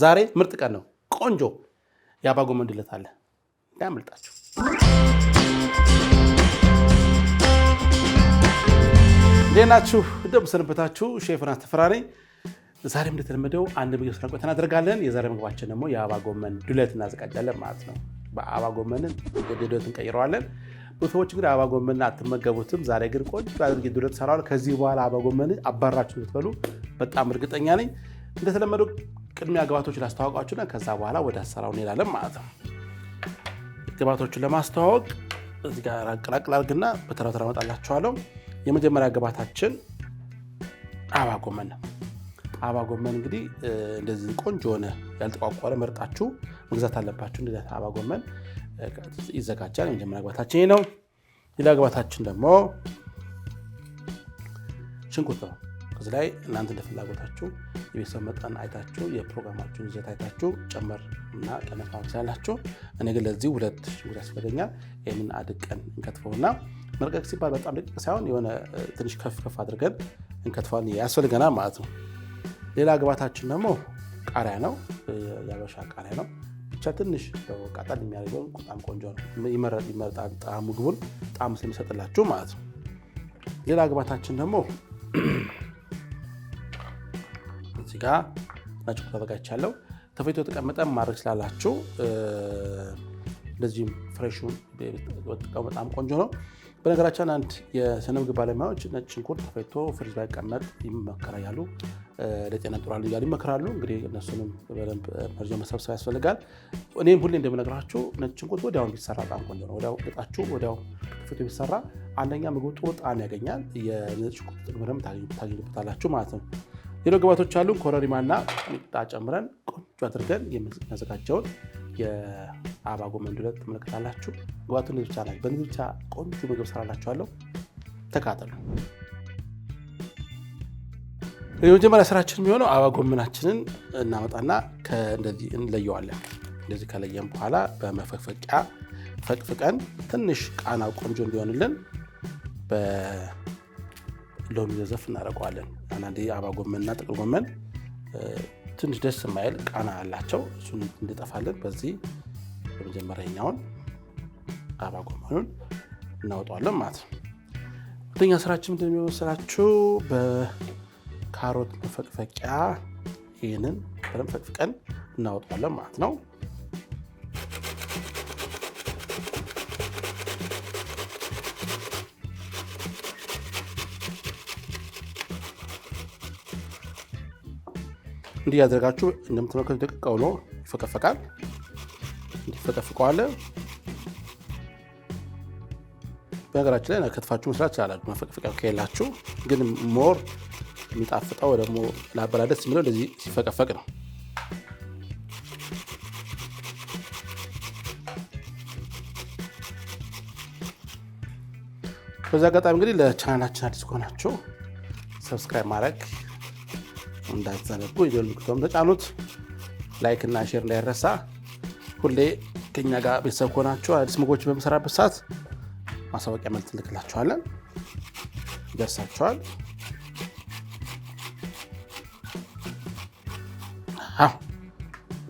ዛሬ ምርጥ ቀን ነው። ቆንጆ የአበባ ድለት አለ ያመልጣችሁ። ሌናችሁ እንደምን ሰነበታችሁ? ሼፍ ዮናስ ተፈራ ነኝ። ዛሬም እንደተለመደው አንድ ምግብ ስራ ቆይታ እናደርጋለን። የዛሬ ምግባችን ደግሞ የአባጎመን ድለት ዱለት እናዘጋጃለን ማለት ነው። በአባጎመንን ድለት እንቀይረዋለን። ብዙ እንግዲህ አባጎመን አትመገቡትም። ዛሬ ግን ቆንጆ አድርጌ ድለት ሰራዋል። ከዚህ በኋላ አባጎመን አባራችሁ የምትበሉ በጣም እርግጠኛ ነኝ። እንደተለመደው ቅድሚያ ግብዓቶችን ላስተዋውቃችሁና ከዛ በኋላ ወደ አሰራው እንሄዳለን ማለት ነው። ግባቶቹን ለማስተዋወቅ እዚ ጋር አቀላቅል አድርግና በተራ በተራ የመጀመሪያ ግባታችን አባ ጎመን ነው። አበባ ጎመን እንግዲህ እንደዚህ ቆንጆ ሆነ ያልተቋቋረ መርጣችሁ መግዛት አለባችሁ። እንደ አባ ጎመን ይዘጋጃል። የመጀመሪያ ግብዓታችን ነው። ሌላ ግባታችን ደግሞ ሽንኩርት ነው። እዚህ ላይ እናንተ እንደ ፍላጎታችሁ የቤተሰብ መጠን አይታችሁ የፕሮግራማችሁን ይዘት አይታችሁ ጨመር እና ቀነስ ማድረግ እኔ ግን ለዚህ ሁለት ሽንኩርት ያስፈልገኛል። ይህንን አድቀን እንከትፈው እንከትፈውና መርቀቅ ሲባል በጣም ደቂቅ ሳይሆን የሆነ ትንሽ ከፍ ከፍ አድርገን እንከትፋል ያስፈልገናል ማለት ነው። ሌላ ግባታችን ደግሞ ቃሪያ ነው። የአበሻ ቃሪያ ነው። ብቻ ትንሽ ቃጠል የሚያደርገው በጣም ቆንጆ ነው። ይመረጣል ጣዕም ምግቡን ጣዕም ስለሚሰጥላችሁ ማለት ነው። ሌላ ግባታችን ደግሞ እዚህ ጋር ነጭ ቁ ተዘጋጅቻለሁ። ተፈቶ የተቀመጠ ማድረግ ስላላችሁ እንደዚህም ፍሬሹ ጠቀሙ። በጣም ቆንጆ ነው። በነገራችን አንድ የስነ ምግብ ባለሙያዎች ነጭ ሽንኩርት ተፈቶ ፍሪጅ ላይ ቀመጥ ይመከራል ያሉ ለጤና ጥሩ እያሉ ይመክራሉ። እንግዲህ እነሱንም በደንብ መርዞ መሰብሰብ ያስፈልጋል። እኔም ሁሌ እንደምነግራችሁ ነጭ ሽንኩርት ወዲያውኑ ቢሰራ በጣም ቆንጆ ነው። ወዲያው ልጣችሁ ወዲያው ተፈቶ ቢሰራ አንደኛ ምግብ ጥሩ ጣዕም ያገኛል። የነጭ ሽንኩርት ጥቅምንም ታገኙበታላችሁ ማለት ነው። ሌሎ ግባቶች አሉ። ኮረሪማና ሚጣ ጨምረን ቆንጆ አድርገን የሚያዘጋጀውን የአበባ ጎመን ዱለት ትመለከታላችሁ። ግባቱ ንብቻ ላይ በንብቻ ቆንጆ ምግብ ሰራላችኋለሁ። ተካተሉ። የመጀመሪያ ስራችን የሚሆነው አበባ ጎመናችንን እናመጣና እንደዚህ እንለየዋለን። እንደዚህ ከለየም በኋላ በመፈቅፈቂያ ፈቅፍቀን ትንሽ ቃና ቆንጆ እንዲሆንልን በሎሚ ዘዘፍ እናደርገዋለን። አንዳንዴ አበባ ጎመንና ጥቅል ጎመን ትንሽ ደስ የማይል ቃና አላቸው። እሱን እንድጠፋለን በዚህ በመጀመሪያ አባ ጎመኑን እናወጣዋለን ማለት ነው። ሁለተኛ ስራችን ምንድን በካሮት መፈቅፈቂያ ይህንን በደንብ ፈቅፍቀን እናወጣዋለን ማለት ነው። እንዲህ ያደርጋችሁ እንደምትመለከቱ ደቅቀ ብሎ ይፈቀፈቃል። እንዲፈቀፍቀዋለ በነገራችን ላይ ከትፋችሁ መስራት ይችላላሉ መፈቅፈቂያ ከሌላችሁ ግን ሞር የሚጣፍጠው ደግሞ ለአበላደስ ደስ የሚለው እንደዚህ ሲፈቀፈቅ ነው። በዚህ አጋጣሚ እንግዲህ ለቻናላችን አዲስ ከሆናቸው ሰብስክራይብ ማድረግ እንዳትዘነጉ የደወል ምልክቱን ተጫኑት። ላይክ እና ሼር እንዳይረሳ። ሁሌ ከኛ ጋር ቤተሰብ ከሆናችሁ አዲስ ምግቦች በምሰራበት ሰዓት ማሳወቂያ መልት እንልክላችኋለን፣ ይደርሳችኋል።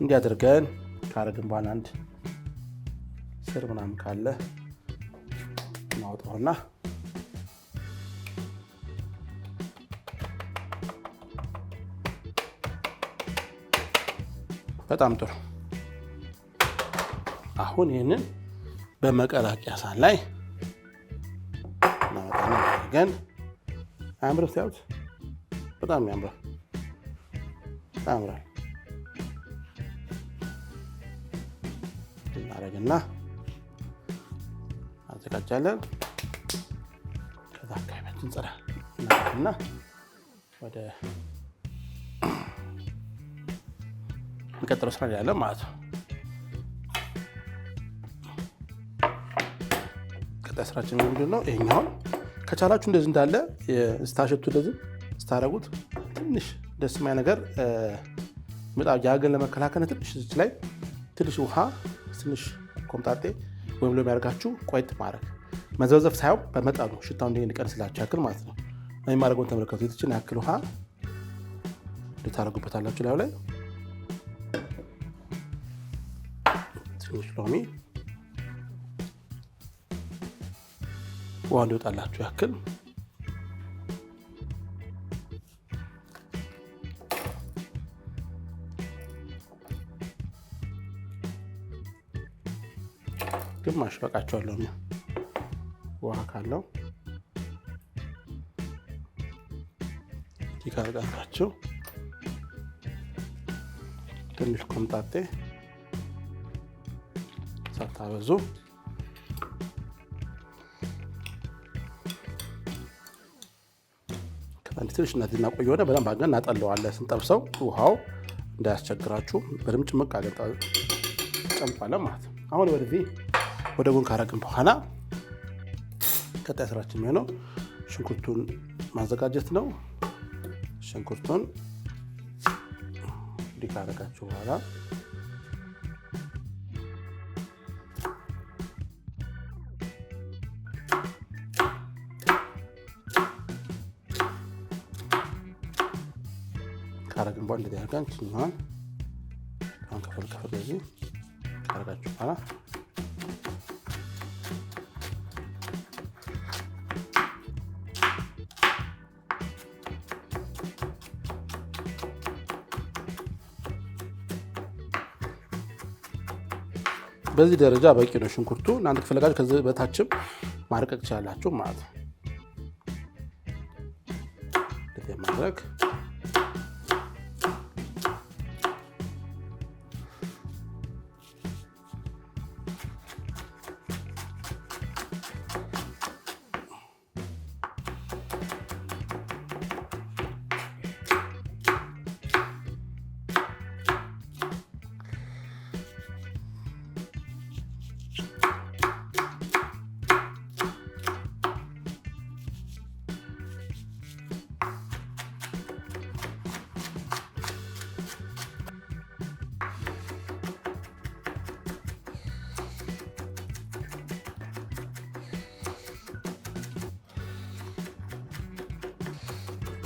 እንዲህ አድርገን ካረግን በኋላ አንድ ስር ምናምን ካለ እናወጣውና በጣም ጥሩ። አሁን ይህንን በመቀላቂያ ሳህን ላይ አድርገን አያምርም? ሲያዩት በጣም ያምራል። ያምራል እናደርግና አዘጋጃለን። ከዛ አካባቢያችን ጽዳ እናደርግና ወደ የሚቀጥለው ስራ ያለ ማለት ነው። ቀጣይ ስራችን ምንድን ነው? ይሄኛውን ከቻላችሁ እንደዚህ እንዳለ ስታሸቱ እንደዚህ ስታደረጉት ትንሽ ደስ ማይ ነገር ምጣድ የአገን ለመከላከል ትንሽ ዝች ላይ ትንሽ ውሃ ትንሽ ኮምጣጤ ወይም ሎ የሚያደርጋችሁ ቆይት ማድረግ መዘብዘብ ሳይሆን በመጠኑ ሽታው እንዲ እንዲቀንስላችሁ ያክል ማለት ነው። የሚማደርገውን ተመለከቱ። የትችን ያክል ውሃ ልታደርጉበታላችሁ ላዩ ላይ ውስጥ ሎሚ ውሃ እንዲወጣላችሁ ያክል ግማሽ በቃቸዋለሁ። ውሃ ካለው ይካረጣላችሁ ትንሽ ኮምጣጤ ስታበዙ አንድ ትንሽ እናትና ቆይ የሆነ በደንብ አድርገን እናጠለዋለን። ስንጠብሰው ውሃው እንዳያስቸግራችሁ በደንብ ጭምቅ አድርገን ጨምቋለን ማለት ነው። አሁን ወደዚህ ወደ ጎን ካረግን በኋላ ቀጣይ ስራችን የሚሆነው ሽንኩርቱን ማዘጋጀት ነው። ሽንኩርቱን እንዲህ ካረጋችሁ በኋላ አድርገን ትኛዋን አሁን ከፍል ከፍል በዚህ ካረጋችሁ በኋላ በዚህ ደረጃ በቂ ነው። ሽንኩርቱ እናንተ ከፈለጋችሁ ከዚህ በታችም ማርቀቅ ትችላላችሁ ማለት ነው ማድረግ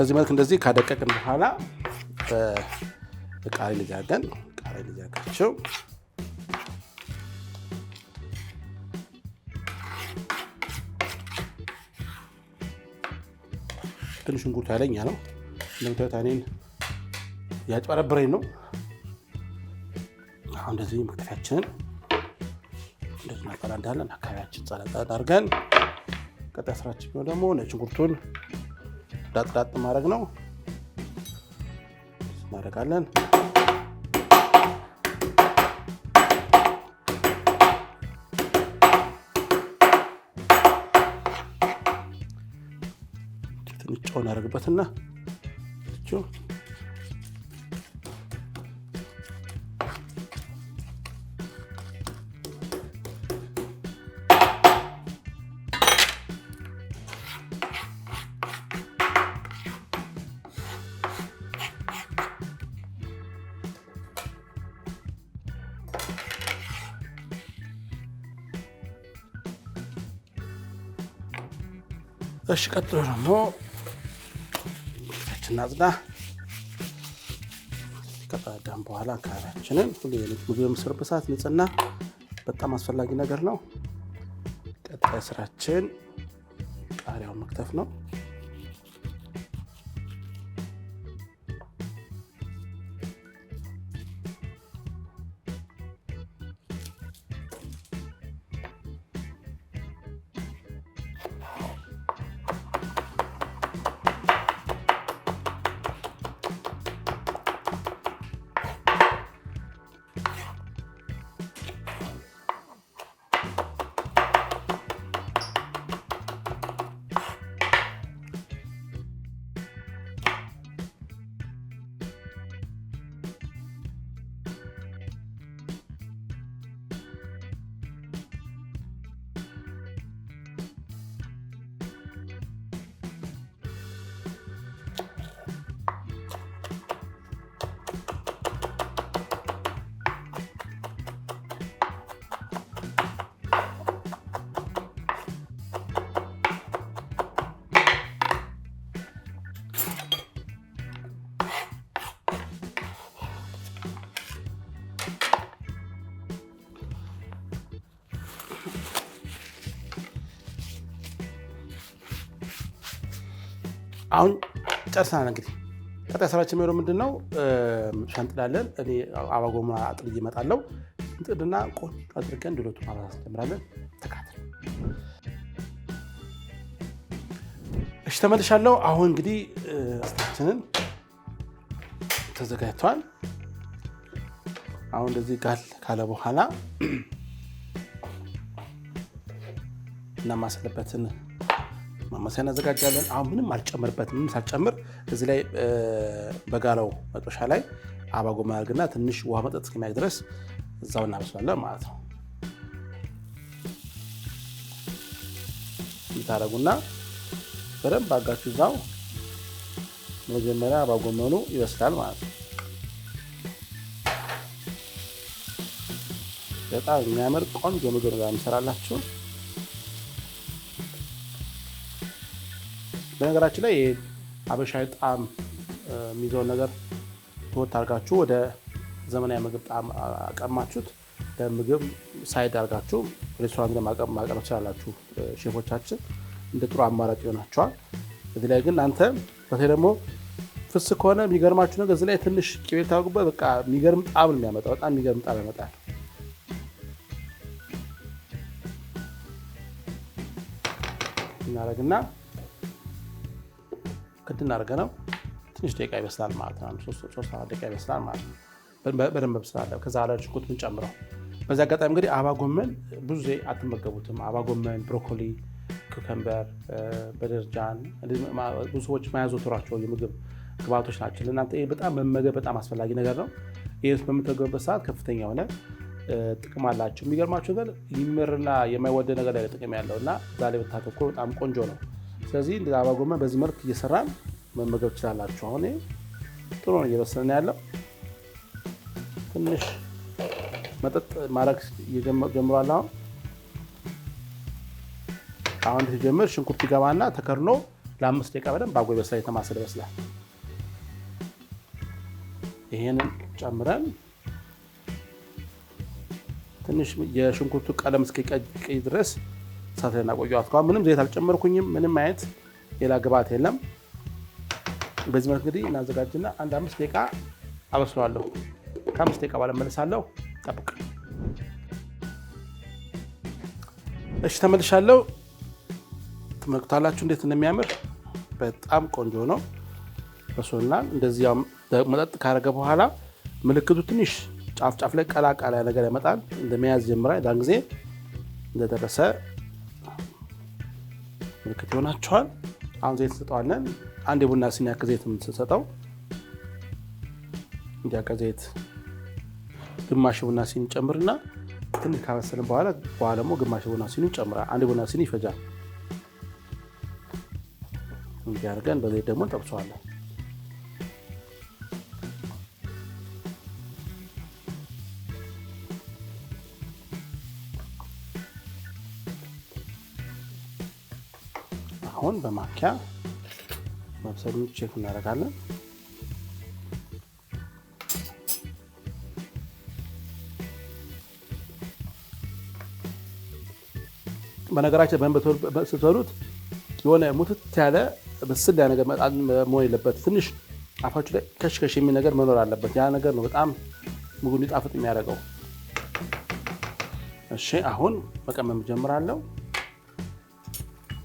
በዚህ መልክ እንደዚህ ካደቀቅን በኋላ በቃሪ ላይ ቃሪ እቃ ላይ ልጃቸው ትንሽ ሽንኩርት ያለኛ ነው እንደምታዩት እኔን ያጭበረብረኝ ነው። አሁን እንደዚህ መክተፊያችንን እንደዚህ እናፈላ እንዳለን አካባቢያችን ጸለጠ አድርገን ቀጣይ ስራችን ደግሞ ነጭ ሽንኩርቱን ዳጥዳጥ ማድረግ ነው እናደርጋለን። ትንጫውን ጨው እሺ፣ ቀጥሎ ደግሞ ፊታችን ከጣዳም በኋላ አካባቢያችንን ሁሉ ምግብ የምስር ብሳት ንጽህና በጣም አስፈላጊ ነገር ነው። ቀጣይ ስራችን ቃሪያውን መክተፍ ነው። አሁን ጨርሰናል። እንግዲህ ቀጣይ ስራችን የሚሆነው ምንድን ነው? ሻንጥላለን እኔ አባጎማ አጥልዬ እመጣለሁ። እንጥድና ቆንጆ አድርገን ድሎቱን ማብራት እንጀምራለን። ተካተል እሺ፣ ተመልሻለሁ። አሁን እንግዲህ ስታችንን ተዘጋጅቷል። አሁን እንደዚህ ጋል ካለ በኋላ እናማሰልበትን ማማሰያ እናዘጋጃለን። አሁን ምንም አልጨምርበት ምንም ሳልጨምር እዚህ ላይ በጋለው መጦሻ ላይ አባጎ ማድረግና ትንሽ ውሃ መጠጥ እስከሚያደርግ ድረስ እዛው እናበስላለን ማለት ነው። የምታደርጉና በደንብ አጋችሁ እዛው መጀመሪያ አባጎመኑ ይበስላል ማለት ነው። በጣም የሚያምር ቆንጆ ምግብ ነው የምሰራላችሁ። በነገራችን ላይ አበሻ ጣዕም የሚዘውን ነገር ተወት አርጋችሁ ወደ ዘመናዊ ምግብ ጣዕም አቀማችሁት ለምግብ ሳይድ አርጋችሁ ሬስቶራንት ማቀረብ ስላላችሁ ሼፎቻችን እንደ ጥሩ አማራጭ ይሆናቸዋል። እዚህ ላይ ግን አንተ በተለይ ደግሞ ፍስ ከሆነ የሚገርማችሁ ነገር እዚህ ላይ ትንሽ ቅቤ ታደርጉበት። በቃ የሚገርም ጣም የሚያመጣ። በጣም የሚገርም ጣም ያመጣል። እናረግና ቅድና ነው ትንሽ ደቂቃ ይበስላል ማለት ነው። ሶስት አራት ደቂቃ ይበስላል ማለት ነው። በደንብ ብስላለ ከዛ ላይ ሽንኩርት ምንጨምረው። በዚህ አጋጣሚ እንግዲህ አባ ጎመን ብዙ ዜ አትመገቡትም። አባ ጎመን፣ ብሮኮሊ፣ ኩከምበር፣ በደርጃን ብዙ ሰዎች ማያዘወትሯቸው የምግብ ግባቶች ናቸው። ለእናንተ ይህ በጣም መመገብ በጣም አስፈላጊ ነገር ነው። ይህ በምትመገቡበት ሰዓት ከፍተኛ የሆነ ጥቅም አላቸው። የሚገርማቸው ነገር የሚመርና የማይወደ ነገር ላይ ጥቅም ያለው እና ዛሬ ብታተኮር በጣም ቆንጆ ነው። ስለዚህ እንደ አበባ ጎመን በዚህ መልክ እየሰራን መመገብ ትችላላችሁ። አሁን ጥሩ ነው እየበሰለ ነው ያለው። ትንሽ መጠጥ ማድረግ ጀምሯል። አሁን አሁን ሲጀምር ሽንኩርት ይገባና ተከርኖ ለአምስት ደቂቃ በደንብ አጎ በስላ የተማሰለ ይበስላል። ይህንን ጨምረን ትንሽ የሽንኩርቱ ቀለም እስኪቀይ ድረስ ሳትለና ላይ ምንም ዘይት አልጨመርኩኝም። ምንም አይነት ሌላ ግብአት የለም። በዚህ መልክ እንግዲህ እናዘጋጅና አንድ አምስት ደቂቃ አበስለዋለሁ። ከአምስት ደቂቃ ባለመለሳለሁ ጠብቅ። እሺ ተመልሻለሁ። ትመለከታላችሁ እንዴት እንደሚያምር በጣም ቆንጆ ነው። በሶናል እንደዚህ መጠጥ ካረገ በኋላ ምልክቱ ትንሽ ጫፍ ጫፍ ላይ ቀላቀላ ነገር ያመጣል። እንደመያዝ ጀምራ ዳን ጊዜ እንደደረሰ ምልክት ይሆናቸዋል አሁን ዘይት ስጠዋለን አንድ የቡና ስኒ ያክል ዘይት የምንሰጠው እንዲህ ዘይት፣ ግማሽ ቡና ሲኒ ጨምርና ትንሽ ካበሰልን በኋላ በኋላ ደግሞ ግማሽ ቡና ሲኒ ጨምራ አንድ ቡና ሲኒ ይፈጃል። እንዲያርገን አድርገን በዘይት ደግሞ እንጠብሰዋለን። አሁን በማኪያ መብሰሉን ቼክ እናደርጋለን። በነገራችን ስትበሉት የሆነ ሙትት ያለ ብስል ያ ነገር መሆን የለበት። ትንሽ አፋችሁ ላይ ከሽከሽ የሚል ነገር መኖር አለበት። ያ ነገር ነው በጣም ምግቡ እንዲጣፍጥ የሚያደርገው። እሺ አሁን መቀመም ጀምራለሁ።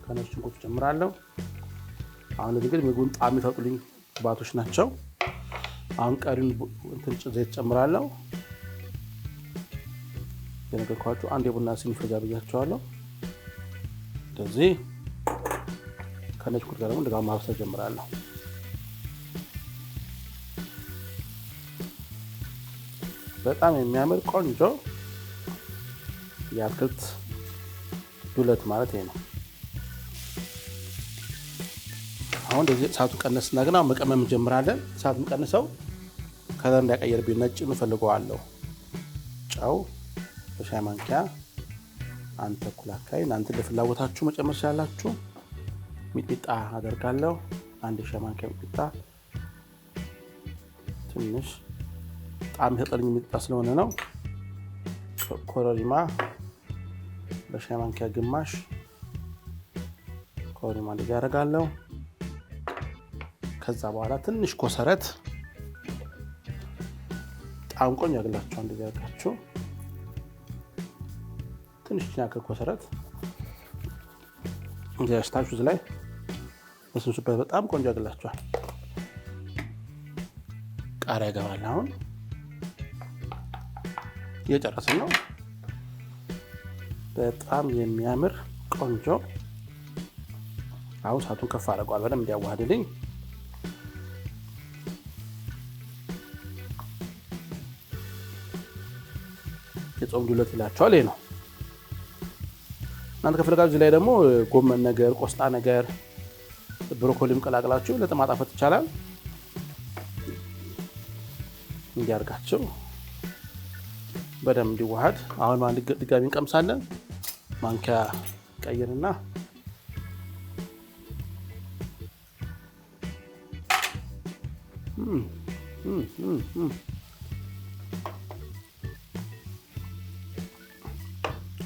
ከነጭ ሽንኩርት ጨምራለሁ። አሁን እንግዲህ ምግቡን ጣዕም የሚፈጥሩልኝ ግብአቶች ናቸው። አሁን ቀሪን እንትን ዘይት ጨምራለሁ። የነገርኳችሁ አንድ የቡና ሲኒ ፍረጃ ብያቸዋለሁ። እንደዚህ ከነጭ ሽንኩርት ጋር ደግሞ እንደጋ ማብሰል ጀምራለሁ። በጣም የሚያምር ቆንጆ የአትክልት ዱለት ማለት ይሄ ነው። አሁን እንደዚህ እሳቱ ቀነስና ግን አሁን መቀመም እንጀምራለን። እሳቱን ቀንሰው ከዛ እንዳይቀየርብኝ ነጭ እንፈልገዋለሁ። ጨው በሻይ ማንኪያ አንድ ተኩል አካባቢ እናንተ ለፍላጎታችሁ መጨመር ስላላችሁ ሚጥሚጣ አደርጋለሁ። አንድ የሻይ ማንኪያ ሚጥሚጣ ትንሽ ጣም የሰጠልኝ ሚጥሚጣ ስለሆነ ነው። ኮረሪማ በሻይ ማንኪያ ግማሽ ኮረሪማ እንደዚህ አደርጋለሁ። ከዛ በኋላ ትንሽ ኮሰረት ጣንቆኝ ያግላቸው አንድ ያርጋቸው። ትንሽ ያክል ኮሰረት ያሽታችሁ ላይ እንስሱበት። በጣም ቆንጆ ያግላቸዋል። ቃሪያ ይገባል። አሁን እየጨረስን ነው። በጣም የሚያምር ቆንጆ አሁን ሳቱን ከፍ አድርገዋል። በደንብ እንዲያዋህድልኝ የጾም ዱለት ይላቸዋል። ይሄ ነው። እናንተ ከፈለጋችሁ ላይ ደግሞ ጎመን ነገር፣ ቆስጣ ነገር፣ ብሮኮሊም ቀላቅላችሁ ለጥማጣፈት ይቻላል። እንዲያርጋቸው በደንብ እንዲዋሃድ። አሁን ማን ድጋሚ እንቀምሳለን። ማንኪያ ቀይርና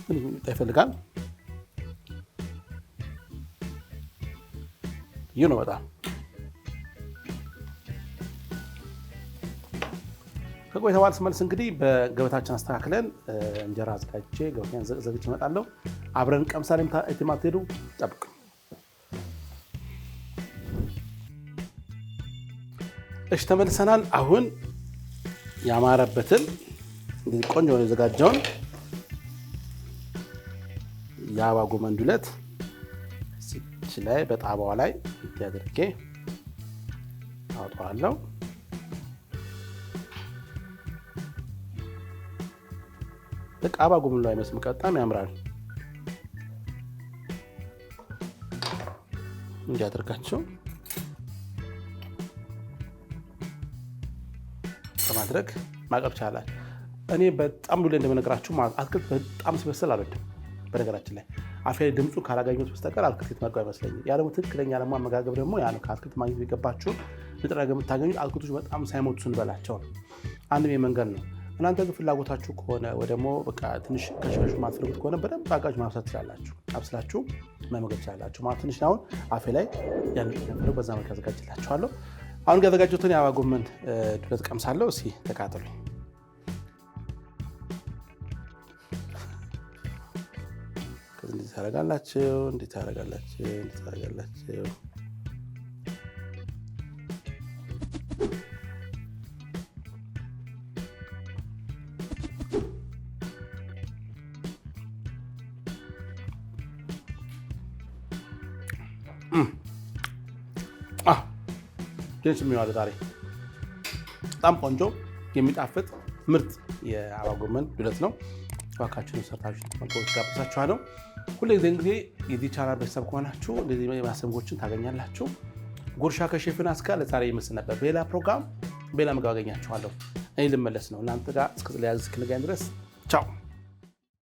ግንኙነት ይፈልጋል። ይህ ነው በጣም ከቆይታ በኋላ ስመልስ እንግዲህ በገበታችን አስተካክለን እንጀራ አዘጋጅቼ ገበታን ዘግቼ እመጣለሁ። አብረን ቀምሳሌ የማትሄዱ ጠብቅ። እሽ ተመልሰናል። አሁን ያማረበትን ቆንጆ የዘጋጀውን የአበባ ጎመን ዱለት እዚች ላይ በጣባዋ ላይ እንዲያደርጌ አውጠዋለው ልክ አበባ ጎመን ላይ አይመስልም? በጣም ያምራል። እንዲያደርጋቸው በማድረግ ማቀብ ቻላል። እኔ በጣም ዱላ እንደመነግራችሁ አትክልት በጣም ስበስል አልወድም። በነገራችን ላይ አፌ ላይ ድምፁ ካላገኙት በስተቀር አትክልት የተመገቡ አይመስለኝም። ያ ደግሞ ትክክለኛ ለማ አመጋገብ ደግሞ ያ ነው። ከአትክልት ማግኘት የገባችሁን ንጥረ ነገር የምታገኙት አትክልቶች በጣም ሳይሞቱ ስንበላቸው ነው። አንድም የመንገድ ነው። እናንተ ግን ፍላጎታችሁ ከሆነ ወይ ደግሞ በቃ ትንሽ ከሽሽ ማትፈልጉት ከሆነ በደንብ አጋጅ ማብሳት ትችላላችሁ። አብስላችሁ መመገብ ትችላላችሁ። ማለት ትንሽ አሁን አፌ ላይ ያን ነበረው በዛ መልክ ያዘጋጅላችኋለሁ። አሁን ያዘጋጀሁትን የአበባ ጎመን ዱለት ቀምሳለሁ። እስኪ ተቃጥሉኝ እንዴት ታደርጋላችሁ፣ እንዴት ታደርጋላችሁ፣ እንዴት ታደርጋላችሁ። ድንች የሚዋለ ዛሬ በጣም ቆንጆ የሚጣፍጥ ምርጥ የአባ ጎመን ዱለት ነው። እባካችሁን ሰርታችሁ መገቦች ጋብዛችኋለሁ። ሁልጊዜም ጊዜ የዚህ ቻናል ቤተሰብ ከሆናችሁ እንደዚህ ማሰቦችን ታገኛላችሁ። ጉርሻ ከሼፍን አስካ ለዛሬ ይመስል ነበር። በሌላ ፕሮግራም በሌላ ምግብ አገኛችኋለሁ። እኔ ልመለስ ነው። እናንተ ጋር እስከ ስለያዝ እስክንገናኝ ድረስ ቻው።